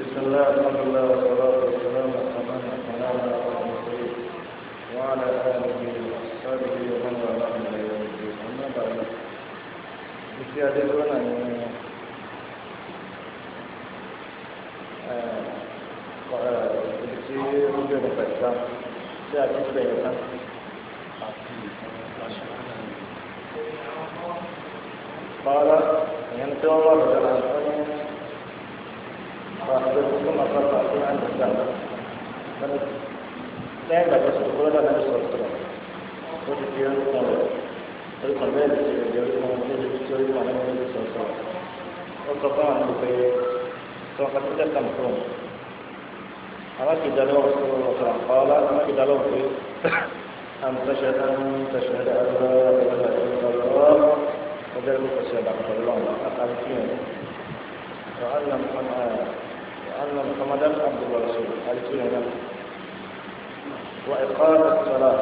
بسم الله الحمد لله والصلاة والسلام على من المرسلين وعلى آله وأصحابه ومن والاه إلى يوم أما بعد بزيادة هنا ti ojú ẹni pẹ̀lú sáà tí a ti ń فأخبرتكم أخبرت أخبرت عن الإسلام فنتنين بعد رسول الله عليه الصلاة والسلام وقت في يوم الطاوة في لا يسير الجواب من الجواب السوري وعن النبي صلى الله عليه وسلم وقطع عن البيع فقد تكلم كون أما كده لو رسول الله صلى الله عليه وسلم قال أما كده في أن تشهد أن تشهد أن لا إله إلا الله وذلك تشهد عبد الله أقل فيها وأن محمد أن محمدا عبد ورسوله التزم وإقام الصلاة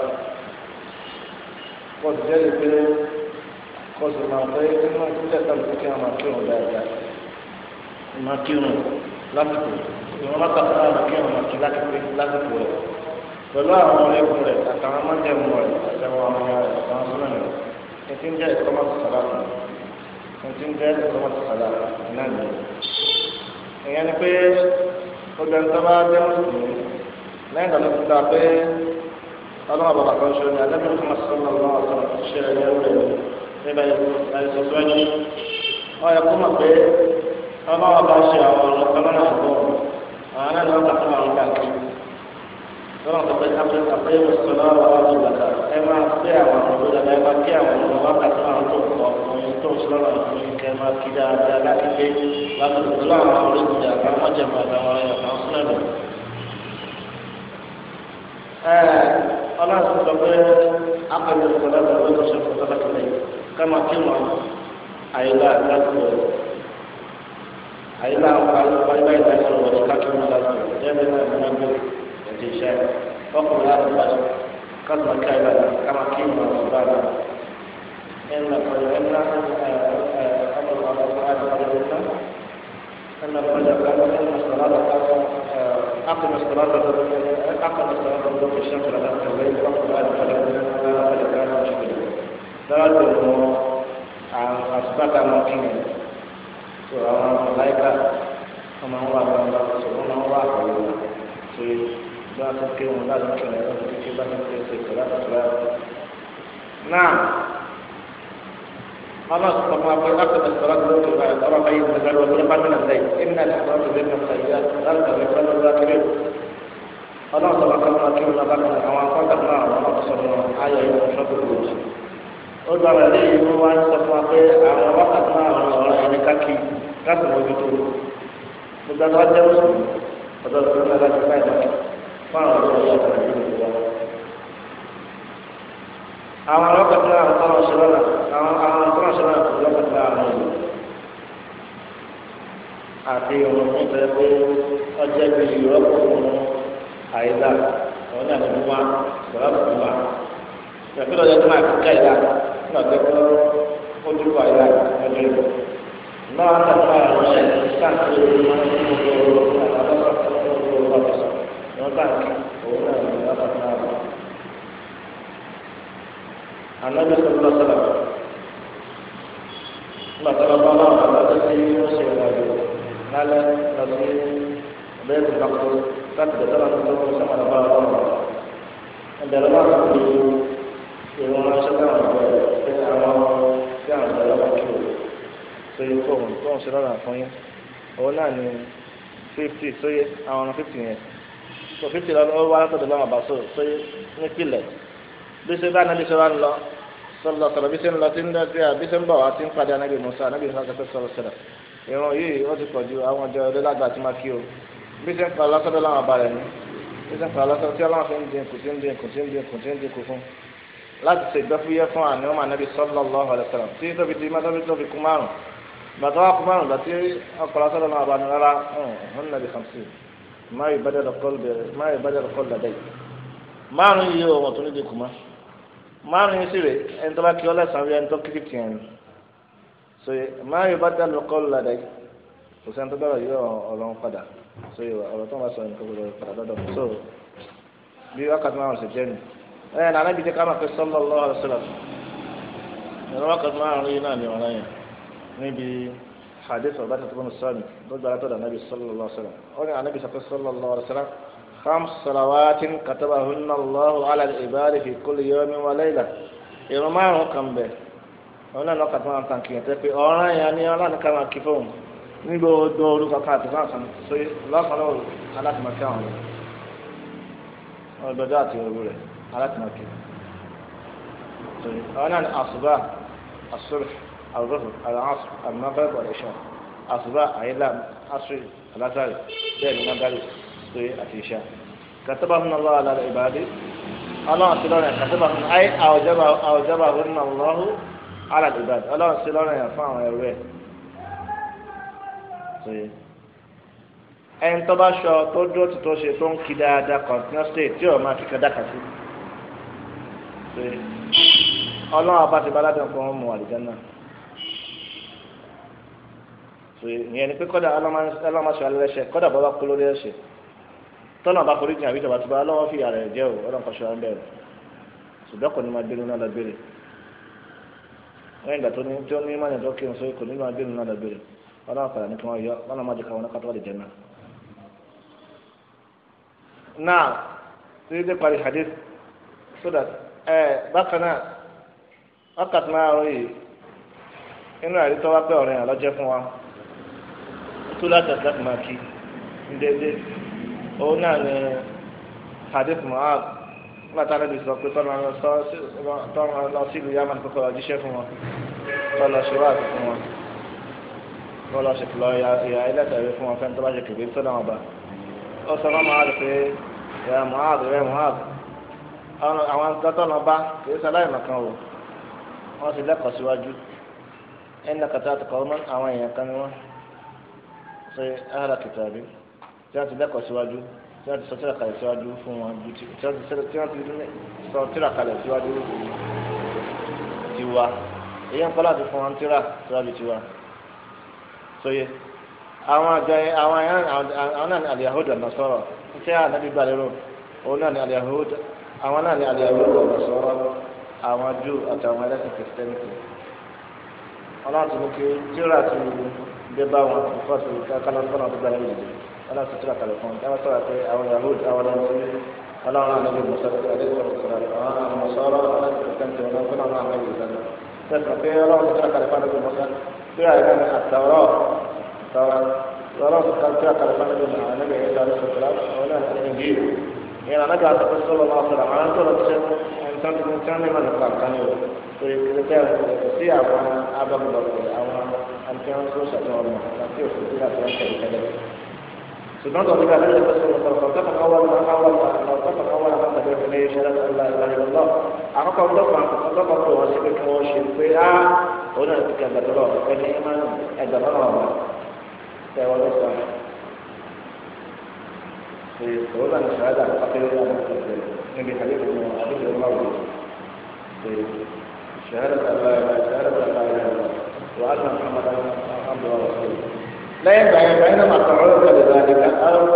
قد جلب قد ما قيد ما كل تمسك ما كيرون لا ما كيرون لا تكون ما تقرأ ما كيرون ما كلا لا تكون pẹ̀lú àwọn ọlẹ́kùn rẹ̀ àtàwọn amájẹ̀mú rẹ̀ àtàwọn ọmọ rẹ̀ àtàwọn sọ́nà rẹ̀ ẹ̀tí ń jẹ́ ìkọ́mọ́tò sàlá ẹ̀tí ń jẹ́ ìkọ́mọ́tò sàlá náà nìyẹn ìyẹn ni pé gbogbo ẹni tó bá jẹ́ mùsùlùmí lẹ́yìn ìgbà tó ti dá pé ọlọ́run bàbá kan ṣe ní alẹ́ bí wọ́n sọ ọ́nà ọlọ́run ọ̀sán ti ṣe ẹ̀yẹ rẹ̀ níbẹ̀ àìsàn tó ẹni wọ́n yẹ kó mọ̀ pé ọlọ́run bá ṣe àwọn ọ̀rọ̀ kan lọ́nà àbọ̀ àwọn náà ni wọ́n kà fún àwọn kàkiri lọ́nà tó fẹ́ káfíń káfíń yóò sọ lọ́wọ́ wa ní ìgbàdà ẹ máa pé àwọn ọmọ ìgbàdà ẹ máa pé àwọn ọmọ wákàtí àwọn tó kọ ọkùnrin tó sọ lọ́nà ọkùnrin kẹ máa kí dáadáa láti pé láti tó àwọn oríṣiríṣi àbámọ́ jẹ̀mọ́ àbámọ́ rẹ̀ àbámọ́ sílẹ̀ lọ. ọlọ́run sọ pé ápẹ̀lú ìgbàdà tó ń sọ fún tọ́lá kílẹ̀ ká máa kí wọn àyílá lásìkò àyílá àwọn àyílá ìdájọ́ wọn الإنشاء وقل هذا البشر كما كان كما كان سبحانه إن قد علمنا أن الله سبحانه وتعالى أن قد علمنا أن الصلاة أقم الصلاة أقم الصلاة وضوء الشمس على التوبين وقل هذا البشر قد كان مشكلا ثلاث أمور أثبت مقيما سورة الملائكة ومن هو أمام الله سبحانه وتعالى tó a tó ké wọn láti tó ẹ̀rọ tó ké bá tó ké tó ké láti tó ẹ̀rọ. náà قال كما قال أكد الصلاة التي بعد طرف أي مزال وطرفا من الليل إن الحسنات بين السيئات ذلك مثال الذاكرين قال صلى الله عليه وسلم لكن الحوافات النار ونقصر آية وشرب الوجه ó dára léyìí ló wá ń sọ fún wa pé àwọn wákàtí náà ràn ọ̀rọ̀ ẹni káàkiri láti mójútó gbogbo àwọn jẹ́ mùsùlùmí ọ̀dọ́ ìfúnná láti báyìí lọ́wọ́ fáwọn ọlọ́run yóò kàn nínú ìwà. àwọn ọlọ́kàtà àwọn táwọn ṣe lọ́la àwọn àwọn táwọn ṣe lọ́la ọlọ́kàtà àwọn ìlú àti ọmọ fún tẹ pé ọjọ́ bí ìrọ́pò fún àyíká àwọn náà nínú wa ìrọ́pò fún wa ìrọ́pò lọ́jọ́ tó máa kíkà ìlà nígbà tó kọ́ ojú wa ìlà ọjọ́ ìlú. náà wọ́n tàbí àwọn ọ̀rẹ́ sáà tó ń mú ọjọ́ ìlú àtàwọn nọ́mbà òun náà ní nọ́mbà náà wà. Ànábi sọ̀rọ̀ lọ́sọ̀rọ̀ nígbà tó lọ́ba náà wà lọ́sọ̀ sí ó ṣe ìrìnàjò lálẹ́ lọ sí ọ̀bẹ́rẹ́ tó kàkó láti bẹ̀rẹ̀ lọ́wọ́ tó kọ́ sọ́mọ́ lọ́ba wọn wà. Ẹ̀bẹ̀rẹ̀ náà kò ní ìwọ̀n ránṣẹ́ náà bẹ̀rẹ̀ pé àwọn tí àwọn ọ̀dọ́ lọ́wọ́ kí o tó yẹ kó òun tó ń ṣe lọ́la fún yín. Òun náà ní fifty tó yẹ àwọn fifty yẹn sọfíìsì lọ wá látọ̀dọ̀ lọ́wọ́ àbàṣọ ṣe nípìnlẹ̀ bí ṣe bá nàbí ṣe wá ń lọ sọlọ sọlọ bí ṣe ń lọ tí ń lọ sí àbí ṣe ń bọ̀ wá tí ń padà nàbí Musa nàbí Musa sọ pé sọlọ sọlọ ìran yìí ó ti pọ̀ ju àwọn ọjọ́ ọdẹ lágbà tí máa kí o bí ṣe ń pa lọ́sọ̀dọ̀ lọ́wọ́ àbá rẹ̀ ni bí ṣe ń pa lọ́sọ̀dọ̀ tí ọlọ́run fi ń dínkù tí ń dínkù tí ń dínkù tí ń dínkù fún láti ṣe ìgbẹ́fúyẹ́ fún àní ọmọ ànábì sọlọ lọ́wọ́ rẹ̀ sọ̀rọ̀ tí tóbi di mọ́tọ́bí tóbi kú márùn-ún bàtà wà kú márùn-ún lọ sí ọkọ̀ lọ́sọ̀dọ̀ lọ́wọ́ àbá ni rárá ọ̀hún nàbì kàmsí máa ìbádà lọ́kọ́ lọ́dẹ̀ márùn yìí yóò wọ̀n tó ní dẹkùn mọ́ márùn yìí sì rè ẹni tó bá kí ọ lẹ́sàn-án rí ẹni tó kí fìtì ẹni so máa ìbádà lọ́kọ́ lọ́dẹ̀ kò sẹ́ni tó bá yọ ọlọ́run padà so ọ̀rọ̀ tó ń bá sọ ẹni tó gbọdọ̀ padà lọ́dọ̀ so bí wákàtí márùn sì jẹ́ mi ẹ̀ nànà ibi tí ká máa fi sallallahu alaihi wasallam ẹ̀rọ wákàtí márùn yìí náà ni ọ̀rọ̀ yẹn níbi hadith lọ́jọ́ alátọ́dà anábì sallallahu alaihi wasallam ó ní anábì sallallahu alaihi wasallam khams salawatin katabahunna Allahu ala al-ibadi fi kulli yawmin wa layla ìrun márùn kan bẹ̀ òun náà lọ́kàtà máa ń tàn kìyàn tẹ́ pé ọ̀ràn yẹn ni ọlọ́run ká máa kí fóun ní gbogbo orúkọ kan àti fáwọn kan so lọ́kàn náà alátìmọ̀kí àwọn rẹ̀ ọ̀dọ́jọ́ àti òru rẹ̀ alátìmọ̀kí ọ̀ràn náà ni àṣùbà àṣùbà àrùbọ̀fọ̀ àrùn àṣùbà àrùn àsùbá àyílà asiri alásàrì bẹ́ẹ̀ ni magari sori àti ìṣá kàtàbà fún allah alára ìbàdí ọlọ́run sí lọ́rọ̀ yẹn kàtàbà fún ayé àwùjábà fún allahu alára ìbàdí ọlọ́run sí lọ́rọ̀ yẹn fún àwọn ẹ̀rọ ẹ̀ sori ẹni tó bá ṣọ tó dúró ti tó ṣe tó ń kí dáadáa continuously tí ò máa kíkà dákà sí sori ọlọ́run abá ti fún ọmọ àlùjá náà so ìyẹn ni pé kọ́dà alámaṣọ alẹ́ṣẹ kọ́dà bàbá kú lórí ẹ̀ṣẹ̀ tọ́nà bá forí jìn àbí ìjọba tó bá lọ́wọ́ fi ààrẹ jẹ́ o ọlọ́run kan ṣọra ń bẹ̀rù ṣùgbọ́n kò ní máa dénú náà lọ́gbẹ̀rẹ̀ wọ́n ìgbà tó ní tó ní máa yàtọ̀ kí n sọ kò ní máa dénú náà lọ́gbẹ̀rẹ̀ ọlọ́run àpàrà ní kí wọ́n yọ ọlọ́run máa jẹ káwọn náà kátó jẹ náà. náà so that ẹ bákan náà wákàtí máa rọ yìí inú àrítọ́ wá pé ọ̀rẹ́ sólátà sàkùmákì ndéédé òun náà ní hadith mu'ad bàtà rẹ̀ bí sọ pé tọ́lọ́ lọ sí ìlú yamani kókó lọ jíṣẹ́ fún wọn tọ́lọ́ ṣe wáàbí fún wọn tọ́lọ́ ṣe fúlọ́ ìyá ẹlẹ́tàwé fún wọn fẹ́ni tó bá ṣe kébé tọ́lọ́ wọn bá ó sọ fún mu'ad pé ìyá mu'ad rẹ̀ mu'ad àwọn dọ́tọ́ lọ bá kì í sáláì màkàn o wọ́n sì lẹ́kọ̀ọ́ síwájú ẹnì kàtà àtọkọ́ àwọn èèyàn kan ni wọ́n. fẹ́ ara tí wọ́n ti lẹ́kọ̀ọ́ síwájú tí wọ́n ti sọ tíra kalẹ̀ síwájú fún wọn tí wọ́n ti sọ tíra kalẹ̀ síwájú tiwa èyí ń kọ́ láti fún wọn tíra síwájú tiwa sóye àwọn àjọ àwọn àwọn náà tí a nàbí gbà lérò òun náà ni àlìyàhódà àwọn náà ní àlìyàhódà náà àwọn jù àtàwọn ẹlẹ́sìn ọlọ́run ti mú kí tíra ti wù bẹ bá wọn fọ sọ̀rọ̀ ká kálá fọlá tó gbára yìí kálá tó tura kalẹ̀ fún káwá sọ̀rọ̀ pé àwọn yahoo àwọn ẹni aláwọn àlejò mọsálẹ àlejò sọ̀rọ̀ àwọn mọsálọ àlejò kẹntẹ wọn fún àwọn àlejò sọ̀rọ̀ tẹsán pé ọlọ́run tó tura kalẹ̀ fún àlejò mọsálẹ pé àyíká ní àtàwọrọ àtàwọrọ ọlọ́run tó tura kalẹ̀ fún àlejò mọsálẹ àlejò yẹn sọ̀rọ̀ sọ̀rọ̀ àwọn àlejò yìí yẹn alága àtàkùn sọlọ máa sọ̀rọ̀ àwọn àtọrọ tẹ ẹnìkan tuntun tí wọn lè má lọ fà kánú rẹ pé kí ló tẹ ẹ sí àwọn abẹ́mọ̀lọ́pọ̀ àwọn àti àwọn tó ṣàtọ̀ ọ̀nà àti òfin tí láti wọ́n tẹ̀lé tẹ́lẹ̀. ṣùgbọ́n tó nígbà lẹ́yìn tó sọ̀rọ̀ sọ̀rọ̀ sọ̀rọ̀ sọ̀rọ̀ wọn náà káwọn náà sọ̀rọ̀ sọ̀rọ̀ wọn náà tẹ̀lé tẹ̀lé ìṣẹ̀lẹ̀ sọ̀rọ̀ ìlànà àkọ́kọ́ ọlọ́pàá ọlọ́pàá tó wọ́n ṣe pé kí wọ́n ṣe pé á òun náà ti kẹ̀gbẹ́ tó lọ ẹni máa ń ẹgbẹ́ náà wà tẹ̀wọ́ ló sọ ṣe òun náà ní ṣàlàyé àkọ́kọ́ tó wọ́n ṣe níbi àlejò náà àlejò náà wò ṣe ṣàlàyé àlejò náà وأن محمدا عبده ورسوله لا ينبغي فإنما تعرض لذلك أو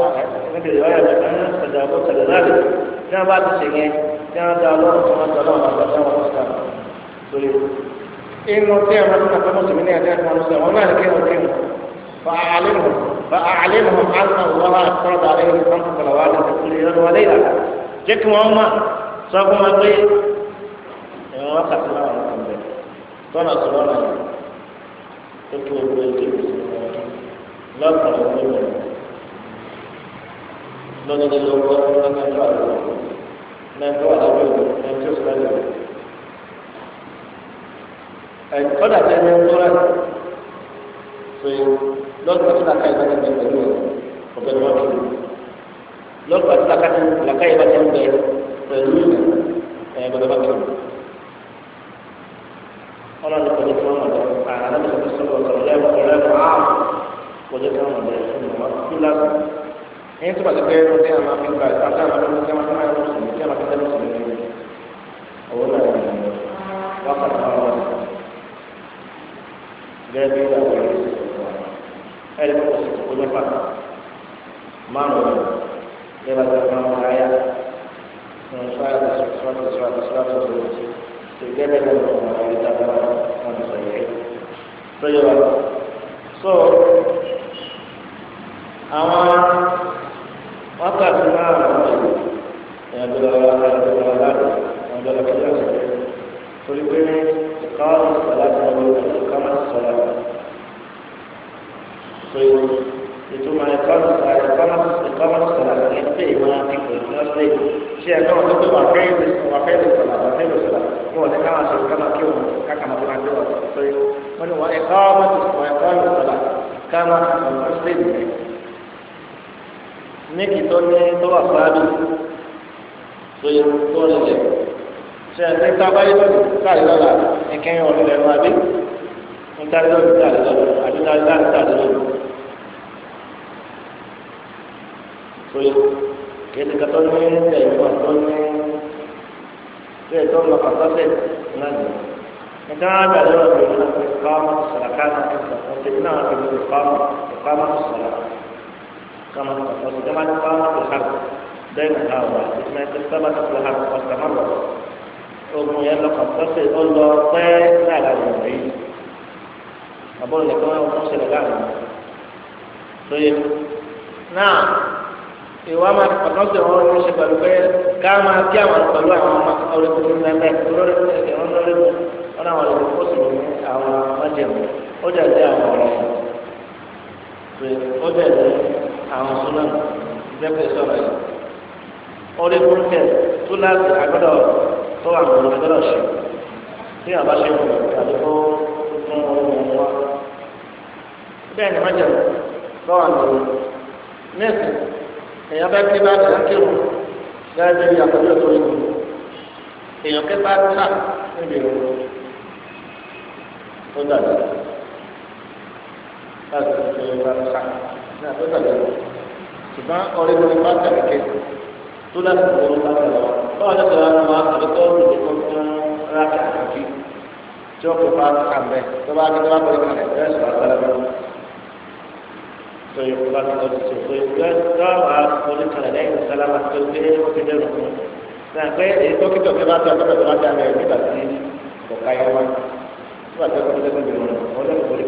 من رواية أن تجاوزت لذلك كان بعد الشيء كان تعالوا ثم تعالوا على الله وسلم سوري إنه تعمل كما مسلمين يتعلم المسلم وما لك يمكن فأعلمهم فأعلمهم أن الله افترض عليهم خمس صلوات في كل يوم وليلة جك مهما سوف ما قيل إنه وقت ما تọ́nà sọ̀rọ̀ náà tó kó owó ẹjẹ lọ́kùnrin nínú lọ́dọ̀dọ̀lọ́wọ́ lọ́dọ̀dọ̀lọ́wọ́ lọ́dọ̀dọ̀lọ́wọ́ lọ́dọ̀dọ̀lọ́wọ́ ẹ̀kọ́dà tẹ́ ní ọ̀rẹ́ tó lọ́dọ̀ tó làkà ìbá tẹ́ ní pẹ̀lú ọ̀bẹ ní wọ́n kiri lọ́dọ̀ tó làkà ìbá tẹ́ ní pẹ̀lú ẹ̀ẹ́dọ̀dọ̀ bá kiri ọlọ́dún pẹ̀lú fún ọmọdé àrà náà lọ́sọ̀rọ̀ sọ̀rọ̀ sọ̀rọ̀ lẹ́ẹ̀kọ́ lẹ́ẹ̀kọ́ áàmù kò jẹ́ káwọn ọ̀dẹ̀ fún wọn kí lásán. ẹ̀yin tó bá ti pẹ́ ọdẹ àwọn afẹ́gbà ìpàdé àwọn ọdún tí wọ́n máa ń sùn tí wọ́n máa ń sùn ní ọwọ́ náà wákàtí wọn wọn gẹ́gẹ́ bí wọ́n wọlé ẹ̀rí kọ́kọ́ sí ìtòkó mẹ́fà márùn-ún lẹ́bàá tó máa ń wọ ayá sọ́ọ́tì sọ́ọ́tì sọ́ọ́tì sọ́ọ́tì sọ́ọ́tì sọ́ọ́tì sọ́yọ́ wa so àwọn. ثبت الحرب دائما هذا اسمه ثبت الحرب واستمر ogun yẹn lọ kàn sọsẹ ọlọ pẹ lára ìwà yìí àbọ̀ nìkan wọn kún ṣẹlẹ̀ láàrin lóye náà ìwà máa ti pàtó ṣe wọn ní ṣe pẹ̀lú pé ká máa kí àwọn pẹ̀lú àwọn ọ̀rẹ́ tuntun mẹ́mẹ́ lórí ẹ̀kẹ́ wọn lórí mu wọn àwọn ọ̀rẹ́ tuntun sì ní àwọn ọ̀jẹ̀mú ó jẹ̀ jẹ́ àwọn ọ̀rẹ́ ó jẹ̀ jẹ́ àwọn súnámù bẹ́ẹ̀ sọ̀rọ̀ yìí ọ̀rẹ́ burúkẹ́ tó láti àgbọ̀dọ̀ tó àwọn àgbọ̀dọ̀ ṣe tí àbá ṣe kù tàbí kó mú ohun wá bẹ́ẹ̀ ni wọ́n jẹ̀ lọ́wọ́ àgbọ̀dọ̀ nẹ́ẹ̀sì èèyàn bá ké bá tà kírun gẹ́gẹ́ bí àkọ́jọ́ tó ń lò èèyàn ké bá tà níbi ìrù tó dàgbà láti fi bá tà ní àtọ́jà lọ́wọ́ ṣùgbọ́n ọ̀rẹ́ mi bá tẹ̀lé ké tó láti wọ ọ́n láti lọ báwo ló ti wá ní wọn àti tó ń lò fún fún rákà àti tí ó kò bá kà mẹ́ tó bá kí tó bá kọ́lé kalẹ̀ bẹ́ẹ̀ sọ̀rọ̀ àgbàlá bẹ́ẹ̀ sọ̀rọ̀ yóò bá ti tọ́jú sí pé bẹ́ẹ̀ tó wà kọ́lé kalẹ̀ lẹ́yìn sálámà tó gbé ó ti dẹ́rù fún un náà pé èyí tó kíjọ pé bá tó àgbàlá tó bá dà mẹ́ nígbà tí kò ká yẹ wá nígbà tó kọ́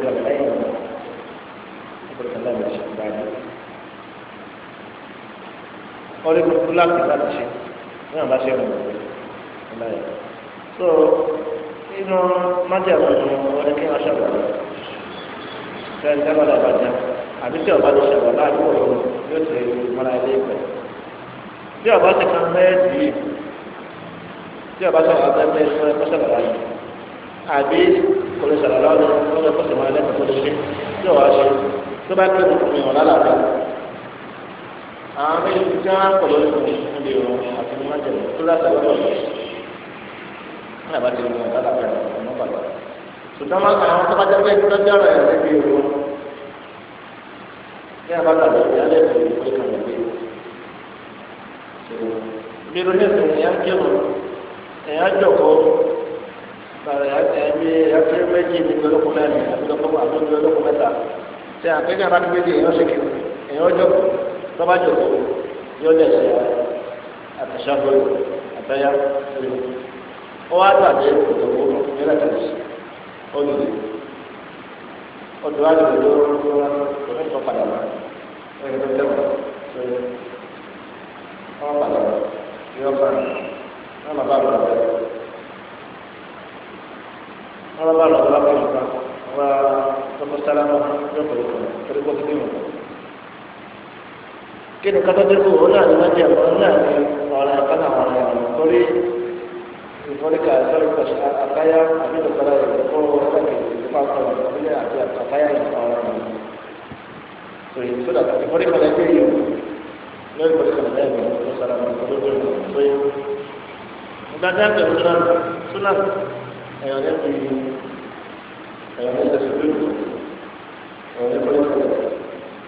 láti láti ṣe ní àbá ṣe rìn ọ̀la yẹn so inú májàmú ni wọ́n kí wọ́n ṣàwàlá fẹ́ẹ́ dábàdà bàjá àbí tí ọba ti ṣàwàlá àdúgbò yóò ṣe mọ́ra ilé ìgbẹ́ tí ọba ti kan mẹ́ẹ̀dì tí ọba ṣàwàlá mẹ́ẹ̀dì fún ẹ̀kọ́ ṣàwàlá yìí àbí kò lè ṣàwàlá ọdún ọdún ẹ̀kọ́ ṣàwàlá ẹ̀kọ́ ṣe tí ọba ṣe tó bá kí ọdún ọ̀la làbẹ́ àwọn méjì tí wọ́n á pọ̀ lọ́dún ní níbi ìrọ̀rùn àti ní májèlé tó láti lọ́dọ̀ ní àbájáde ìrọ̀rùn àti àbájáde ìrọ̀rùn ọ̀nà bàbá. ṣùgbọ́n máa kàn àwọn tó bá jẹ́ pé tó dájú ọ̀rọ̀ yẹn níbi ìrọ̀rùn ní àbájáde ìyálẹ̀ ìrọ̀rùn tó kàn lọ́dún bí irun ní ìsìn ìyá ń kírun ìyá jọ̀kọ́ ẹ̀mí ẹ̀fẹ́ méjì ní ọlọ́kùn mẹ́rin àbí ọlọ́kùn mẹ́ta tí àpéjọba ti gbé tọ́bájọ́ yóò lẹ̀ ṣe àtẹ̀ṣàfọ́ àtẹ̀yà rẹ̀ ó wá tàbí ìdòwò yóò lẹ̀ ṣe olùdí ọdún wa lè lọ ọdún tó padà wá ẹgbẹ́ tó tẹ̀wọ̀ ṣe wọ́n padà wá yóò bá wọn máa bá wọn bẹ̀rẹ̀ wọn bá wọn lọ bá wọn bá wọn tọkọ sálámà yóò pẹ̀lú pẹ̀lú pẹ̀lú pẹ̀lú pẹ̀lú kí ni kátó dé kúrò náà ni wọ́n jẹ ọ̀rọ̀ náà ni ọ̀rọ̀ ẹ̀kọ́ náà wọ́n rẹ̀ lórí ìfọ́nìkà sọ́rí pẹ̀sẹ̀ àkáyá àbí ìdọ̀kọ́lá rẹ̀ fún ọ̀rẹ́kẹ̀ ìfọ̀kọ̀ ìfọ̀lẹ́ àti àkáyá ìfọ̀rọ̀ rẹ̀. sòyí sódà ìfọ̀nìkà rẹ̀ gbé yìí lórí pẹ̀sẹ̀ rẹ̀ lẹ́yìn ìfọ̀sọ̀rọ̀ ìfọ̀lẹ́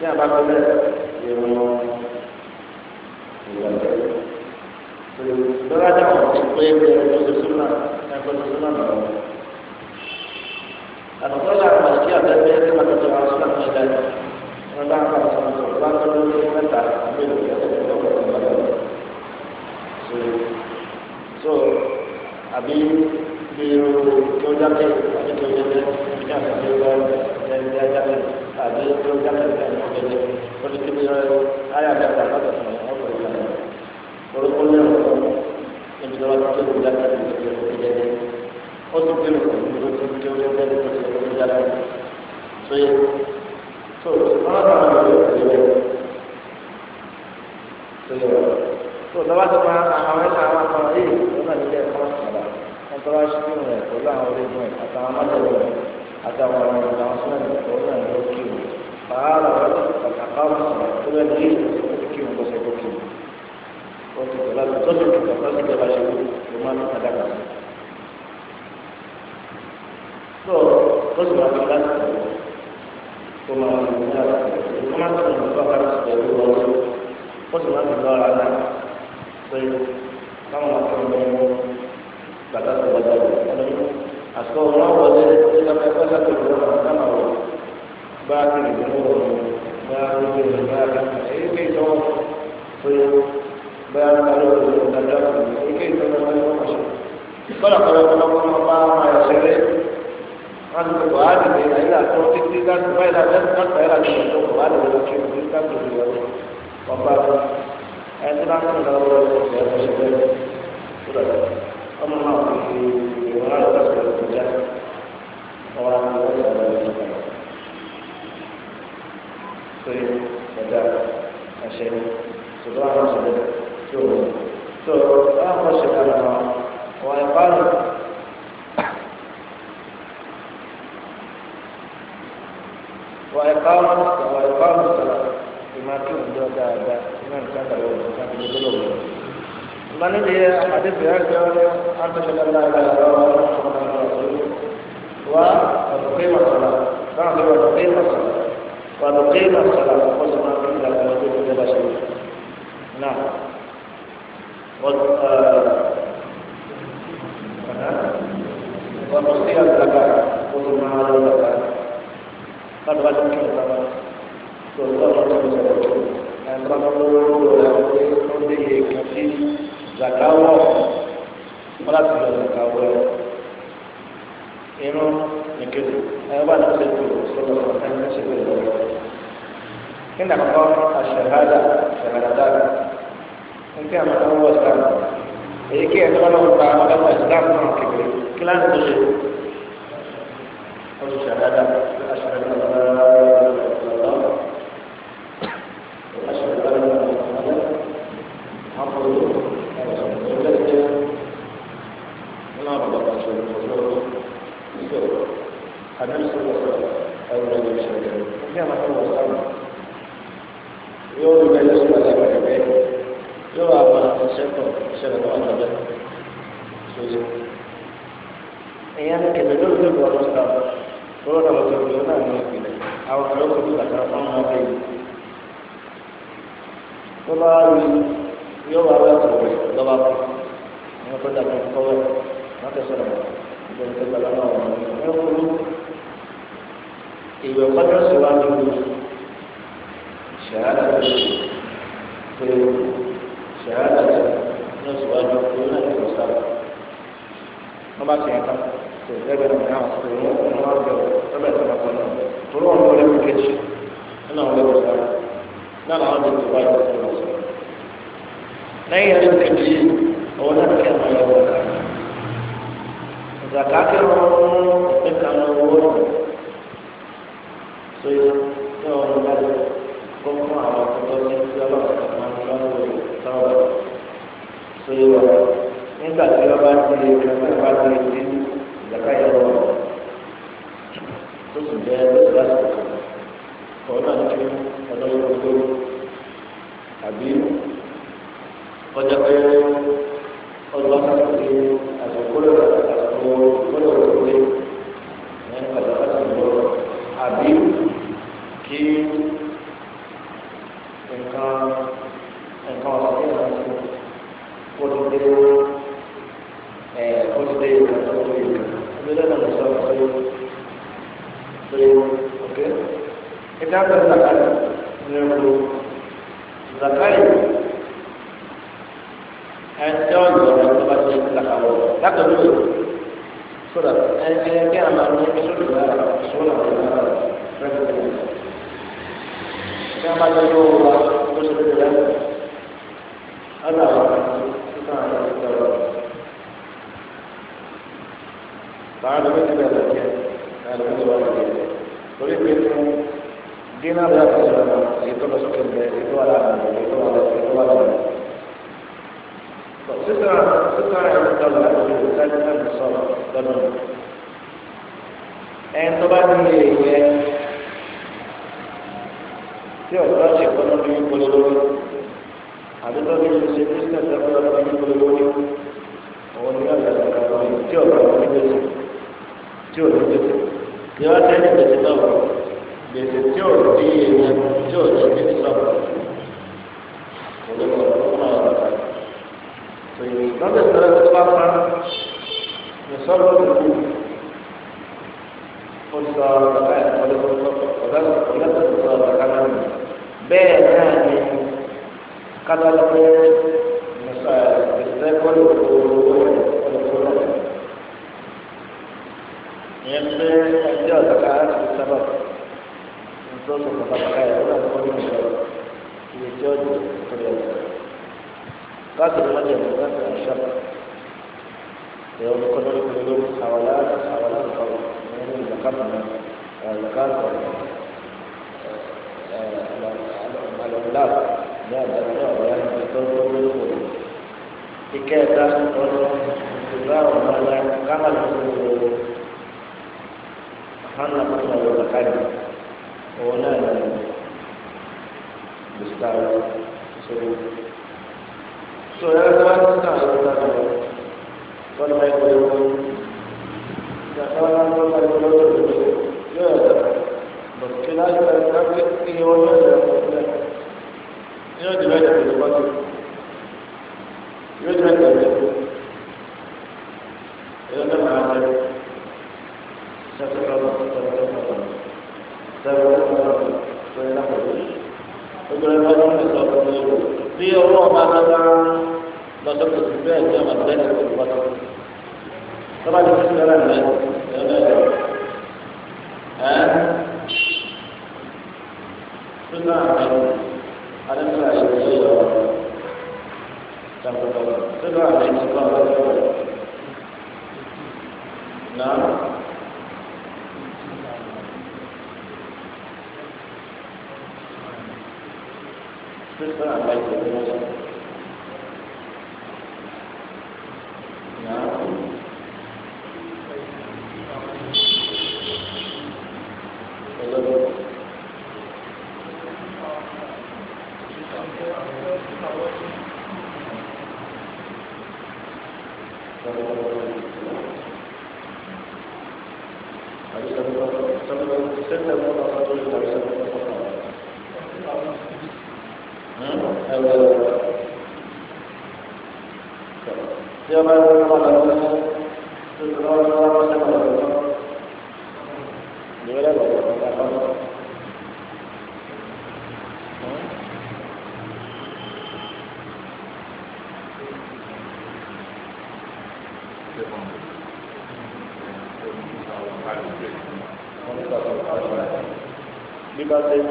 ní àbá pẹ̀lẹ́ lọ́wọ́ dáhùn pé ẹgbẹ́ sọ́nà ẹgbẹ́ sọ́nà lọ. àtúntò láti máa kí àtẹ́gbẹ́ tí wọ́n tẹ̀sán wọn sọ́nà ní ìdájọ́ wọn bá ń bá wọn sọ́nà sọ̀rọ̀ bá ń tọ́jú ní mẹ́ta mélòó ẹgbẹ́ lọ́wọ́ lọ́wọ́ lọ́wọ́. so so àbí bí irú tó dákẹ́ tó lọ́wọ́ tó máa àwọn ẹ̀ka àwọn àtàwọn yìí tó náà nílé ẹ̀kọ́ ọ̀la wọn tó wá sí fún rẹ̀ pẹ̀lú àwọn orígun ẹ̀ àtàwọn mọ́tò rẹ̀ àtàwọn ọ̀rọ̀ rẹ̀ àwọn sọ́nà rẹ̀ tó náà ló kí o fàálà wọn kàkà wọn sọ̀rọ̀ tó bẹ́ẹ̀ ní o ti kí o kó ṣe kó kí o ti tọ́lá tó ti kí o tó ti tọ́lá ṣe o máa ní kàdàkà sí. tó tó sì máa tọ́lá sí kó máa ní kàdàkà sí kó máa tọ́lá sí kó máa tọ́lá sí kó máa tọ́lá sí Later. وإقام الصلاة وإقام الصلاة بما كان جودا دا من كان يوم كان يدلو من اللي حديث يرجع أن تشهد أن لا إله إلا الله محمد رسول وتقيم الصلاة نعم وتقيم الصلاة وتقيم الصلاة وقل ما في إلا الموجود جل شيء نعم وتصير آه، الزكاة قل ما kalau ada sama kalau ada sama dan kalau ada kalau dia kasih zakawa malah sudah zakawa ini begitu apa nak sebut sebab saya nak sebut kena kau asyhada syahadatan mungkin amat awal sekarang jadi kita kalau orang orang ọ̀dọ̀ ṣoṣo. Èèyàn kẹ̀mẹ́ ló ń lò ọ̀dọ̀ sọ̀rọ̀ lọ́wọ́ náà lọ́jọ́ ìlú náà ní ìpìlẹ̀. Àwọn kan ló kojú bàtà fún ọmọ ọbẹ̀ yìí. Tó bá rí yóò wá wẹ́ ọ̀tọ̀ rẹ̀ lọ́wọ́ fún ọmọ tó dàgbà kọ́wẹ́ wọ́n tẹ̀ sọ̀rọ̀ ìgbẹ́ tó gbà lọ́wọ́ ọ̀rọ̀ ẹ̀ kúrú. Ìwé ọ̀pọ̀jọ́ sì wá ní ìlú. Ṣàrà lọ síwájú ìlú náà ti lọ sára wọn bá ti yàn ká tó lẹ́gbẹ̀ẹ́ náà náà tó wọn wọn wá bẹ̀rẹ̀ lọ́bẹ̀ tó wọn kọ náà tó lọ́wọ́ wọn lẹ́gbẹ̀ẹ́ kejì nínú àwọn lẹ́gbẹ̀ẹ́ sára náà làwọn ti tìwá ìlú tó lọ sára lẹ́yìn ẹ̀rọ kejì náà kẹ́ máa yọ wọn kàrà ìgbà káàkiri wọn ẹ̀ka náà wọ́ọ̀rọ̀ bẹ́ẹ̀ náà ni kábàlá pé musa ìṣẹ́ kọ́lù owó ọ̀dọ́kọ́lù ìyẹn pé ẹjẹ́ ọ̀dọ́ká ti sábà nítorí ọ̀sán pàtàkì ẹ̀ ọ̀dọ́ kọ́lù ìṣẹ́ ìyẹn tí ọ̀dọ́ kọ́lù ẹ̀ láti ọ̀dọ́ mọ́jẹ̀ mọ́jẹ̀ mọ́jẹ̀ ṣáà ẹ̀ ọ̀dọ́kọ́lù ìṣẹ́ àwọn aláàbò àwọn aláàbò القبر والقبر والأولاد لا تدعو أن تطور إكا تطور تدعو على كما تقول حنا قلنا بالخير هنا مستعد سوء سوء هذا ما تستعد ولا ما يقول Gracias. Islam.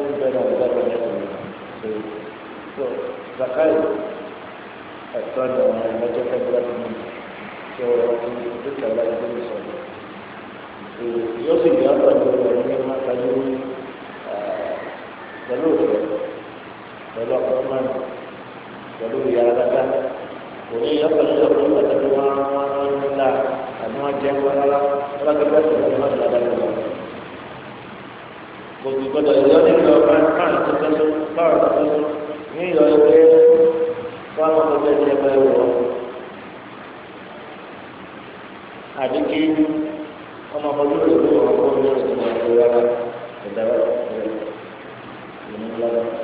do better with that one so so zakai I turned on my major federal so this I like doing so so you also you have to do the same as I do pẹ̀lú òfin pẹ̀lú ọkọọmọ pẹ̀lú ìyára dáadáa òní ìyọkọlẹ ọkọọmọ pẹ̀lú wọn wọn wọn nílá àbí wọn jẹ wọn rárá wọn bá gbẹgbẹ sọ̀rọ̀ wọn lọ dáadáa. kò sì gbọdọ̀ yọ nílò ọba kan tuntun kan tuntun ní ìyọ ẹgbẹ́ fáwọn ọmọdé ní ẹgbẹ́ wọ àbí kí ọmọ ọmọdé rẹ̀ ló wọ̀ ọ́ kó ní ìdílé ọ̀gbẹ́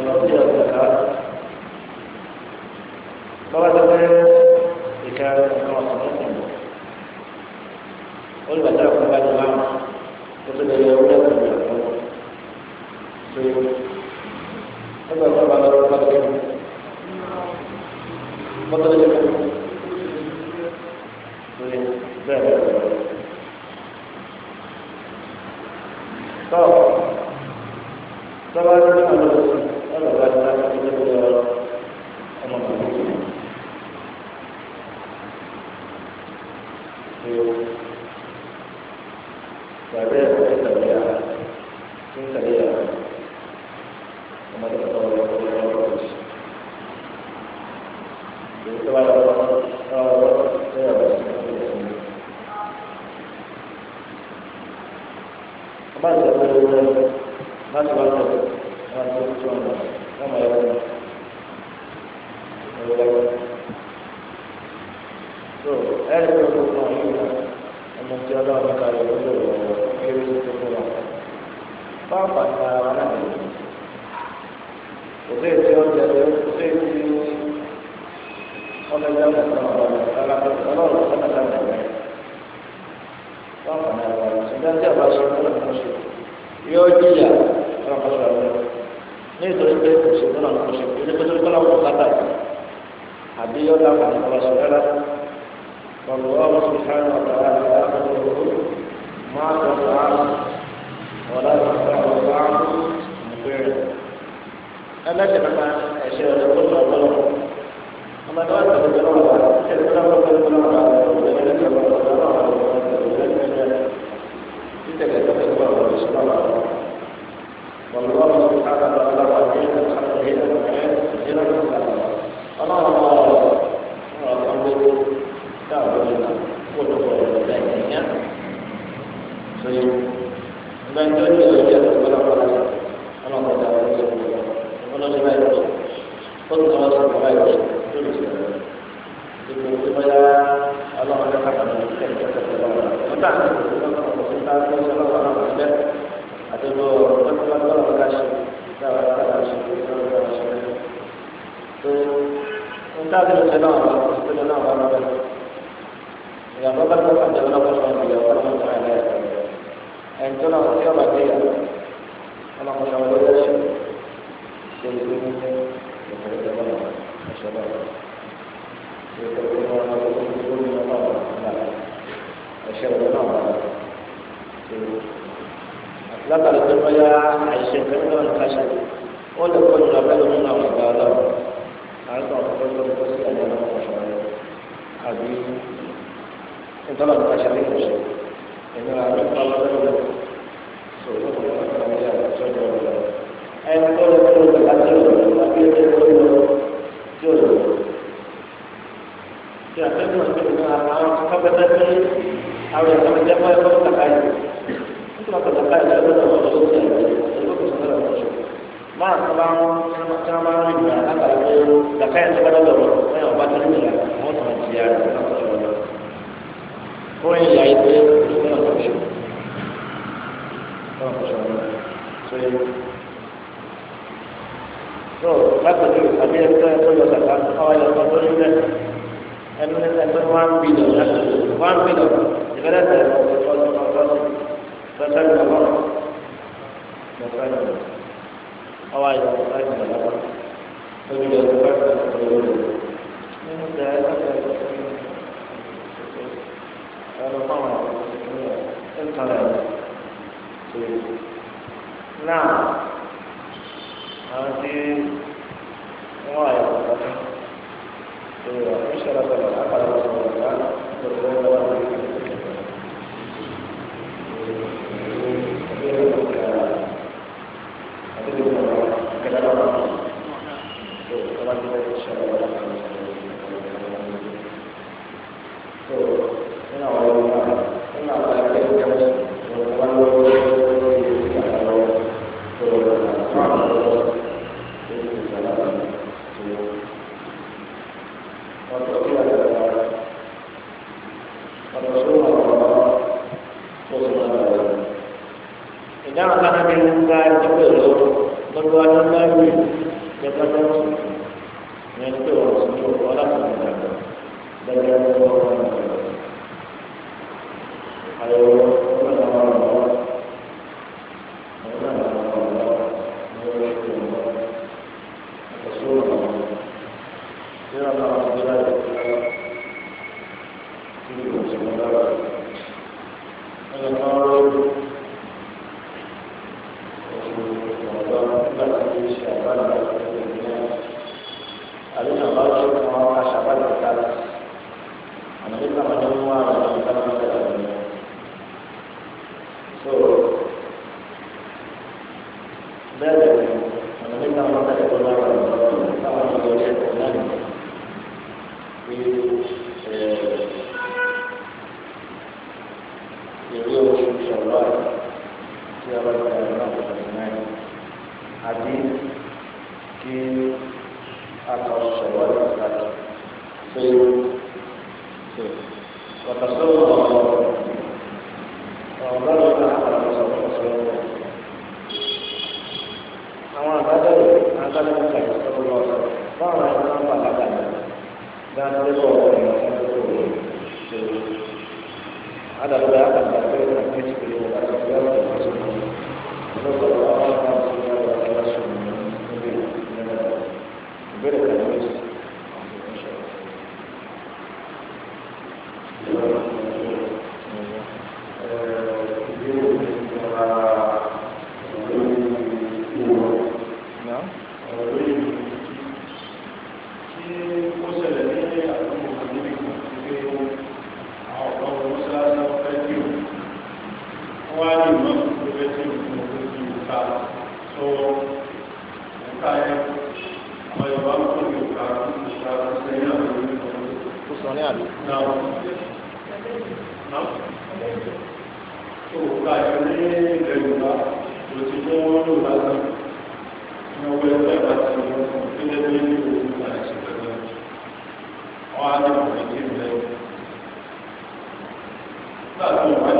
ọ̀nà tí yọ zaka bọ́lá tó fẹ́ ìka ọ̀sán ọ̀sán olùbàdàn. kọ́sí yóò jìyà ọ̀nà kọ́sí àwọn ọ̀nà ní ìtọ́jú pé kò sí ọ̀nà kọ́sí kò ní pẹ́tọ́ kọ́lá wọn bàtà àbí yóò dáhùn àti kọ́lá sọ rárá ọ̀rọ̀ wọn sì sáré ọ̀tà wà ní àkókò òru máa tọ̀ sàánù ọ̀dà ìgbà ọ̀gá ìgbéra ẹlẹ́sẹ̀ nípa ẹ̀ṣẹ̀ ọ̀dọ̀ tó ń lọ ọmọdé wà ní ọ̀dọ̀ tó ń lọ ọ̀dọ̀ tó ń lọ ọ̀dọ̀ tó ń lọ ọ̀dọ̀ tó ń lọ ọ̀dọ̀ كده تتكبر بالصلاة والله سبحانه وتعالى وعلينا الحمد لله إلى الله الله الحمد تعبدنا وتقول لنا سيد من تجد الشباب يقولون أنا أقول من الله لا الشباب نظرة أطلق الجملة عشان كنا نكشف ولا كل ربنا من الله هذا أقول لكم بس أنا ما أشعر هذه أنت لا تكشفين شيء إن أنا أقول لكم سوف أقول لكم يا رجل أنا أقول لكم أنا أقول لكم láti ẹgbẹ́ náà wọ́n tó tẹ̀ ẹgbẹ́ tó tẹ̀ lọ́wọ́ máa tó bá wọn tí wọ́n bá wọn ìgbà látàrí pé làkàyè tó bá dọ̀dọ̀ rọ̀ ẹ̀ ọ̀bá tó ní ìlà wọ́n tó ti yára náà tó lọ́wọ́ fún ìyá ìgbé ìgbé náà tó ṣe náà tó ṣe ọ̀rọ̀ tó yẹ tó látọ̀jú àbí ẹgbẹ́ tó yọ sàkà káwá yọ tó ní bẹ́ẹ̀ ẹnu ẹgbẹ́ wọn bí wọn bí lọ نعم هذه واي هو اشرف الاخر Thank you. Gracias. ó sọ ní àlè. Òkà ìpínlẹ̀ ilẹ̀ Yorùbá ló ti mú wọn lò lásán. Ní ọgbẹ́ ẹgbẹ́ àti ìwọ̀n ìpínlẹ̀ ní ìlú Yorùbá ìṣẹ̀lẹ̀ náà. Wọ́n á ní ọ̀rẹ́ tí ń bẹ̀rẹ̀. Nígbà tí wọ́n wá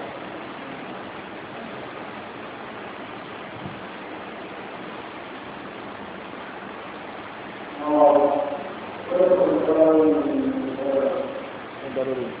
Carolina.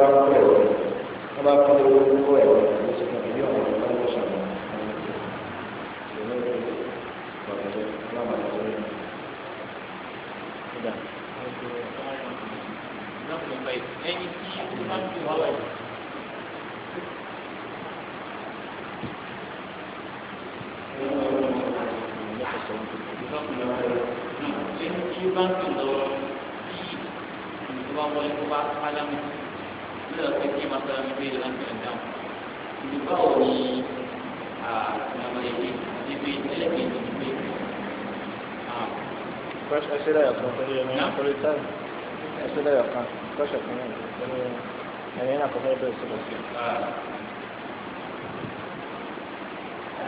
kálámù lọ́dọ̀ pé kí n máa kálámù bí ìlànà ìgbà dáhùn. ìdìbò àwọn ní àwọn èdè níbi ìtẹ́lẹ̀ kí n ti gbé. Kọ́ṣẹ́ ṣe dáyọ̀ kan pẹ̀lú ẹni àkọlé táyì. Ẹ ṣe dáyọ̀ kan kọ́ṣẹ́ kan náà pẹ̀lú ẹni àkọlé bẹ̀rẹ̀ sí lọ sí.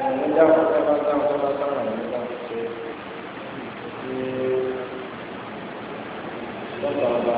Ẹ̀yin dáhùn ẹ bá dáhùn tó bá sáwọn ẹ̀yin dáhùn ṣe ṣe lọ́dọ̀ ọba.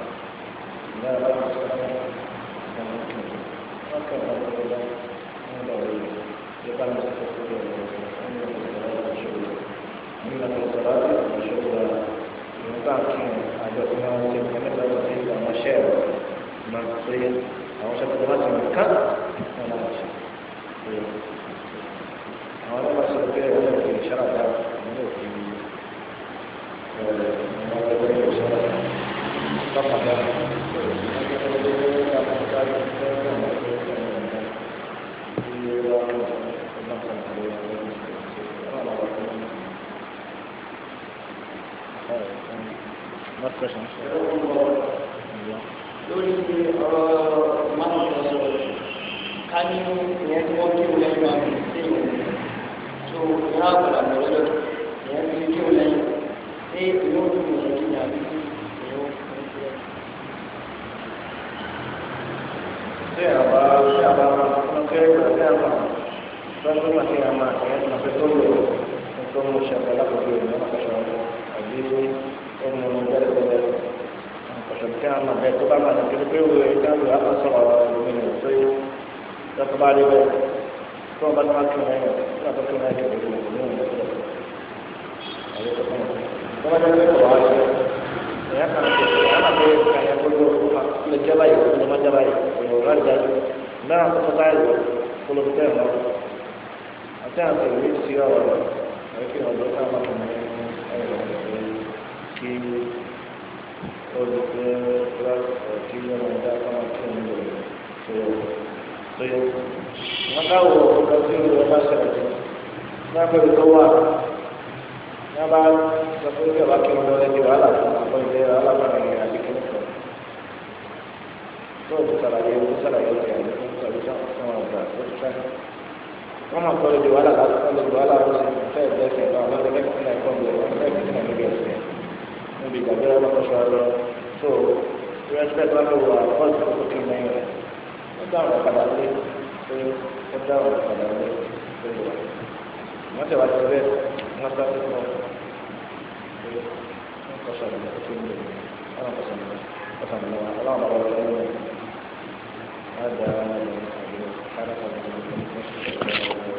lọ́kọ̀ bá rí bẹ́ẹ̀ tó wọn bá tó wọn kí wọn yẹn tó wọn bá kí wọn yẹn lè wò ní wọn lọ́kọ̀ ẹ̀yẹ tó kàn tó wọn jẹ́ pé wọ́n á lọ ẹ̀yà kan tó wọn á lọ bẹ́ẹ̀ kàyà gbogbo ilẹ̀ jẹ́bá yìí kó ló má jẹ́bá yìí òyìnbó rẹ̀ dájú náà tó tó báyìí wọ̀ kó ló bẹ́ẹ̀ lọ àti àwọn ìwé sí ọ̀rọ̀ rẹ̀ kí wọn lọ ká má kàn kí olùkọ́ kí wọ́n máa dá káwọn kí wọ́n lò ó tó yẹ wọn káwọ ọ̀gá tí ó lọ bá ṣẹlẹ̀ jẹ náà pẹ̀lú tó wà náà bá sọ pé bí ọba kí wọn lọ lẹ́bi wàhálà tó wọn kọ́ ilé alábàárà yẹn àti kí wọn kọ́ tó o ti sàlàyé o ti sàlàyé o ti àyè o ti sàlàyé o ti wọn ọ̀gá o ti sàlàyé wọn máa kọ́ lẹ́bi wàhálà láti ó dá ọ̀rọ̀ padà lé pé ó dá ọ̀rọ̀ padà lé pé wọ́n tẹ̀wá ti rẹ̀ wọ́n sá fún ọ pé wọ́n kọ́ sọ̀rọ̀ ní ọtí ń bẹ̀rẹ̀ wọ́n kọ́ sọ̀rọ̀ ní ọtí ń bẹ̀rẹ̀ kọ́ sọ̀rọ̀ ní kọ́ sọ̀rọ̀ ní ọtí ń bẹ̀rẹ̀ wọ́n kọ́ wọ́n kọ́ sọ̀rọ̀ ní ọtí ń kọ́ sọ̀rọ̀ ní ọtí